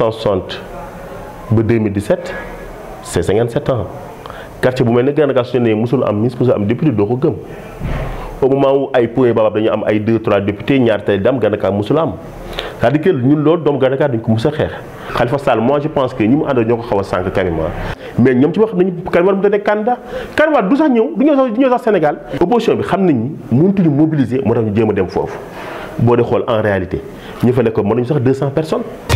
cent ba 2017 c'est 57 ans quartier bu mel ni Grand Dakar su ne mosul am ministre mosul am député doo ko gëm au moment wu ay Point Babab dañu am ay 2 3 députés ñaar tey dam Grand Dakar mosul am c'est-à-dire que ñun loolu doomu Grand Dakar ko mos a xeex. Khalifa Sall moi je pense que ñi mu àndal ñoo ko xaw a sànq mais ñoom ci wax nañu Karim Wade mu nekk candidat Karim du sax ñëw du ñëw sax Sénégal. opposition bi xam nañ ni mëntuñu mobiliser a dem foofu boo dee xool en réalité ñu fa nekkoon mën nañu sax 200 personnes.